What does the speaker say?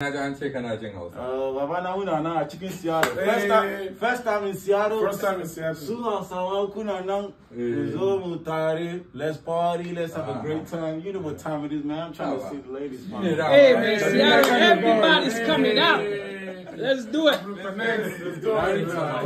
Uh, a eh. First time in Seattle. First time in Seattle. Eh. Let's party. Let's have a ah. great time. You know what time it is, man. I'm trying to ah. see the ladies, man. Hey, man, Seattle, everybody's coming out. Let's do it. Let's do it.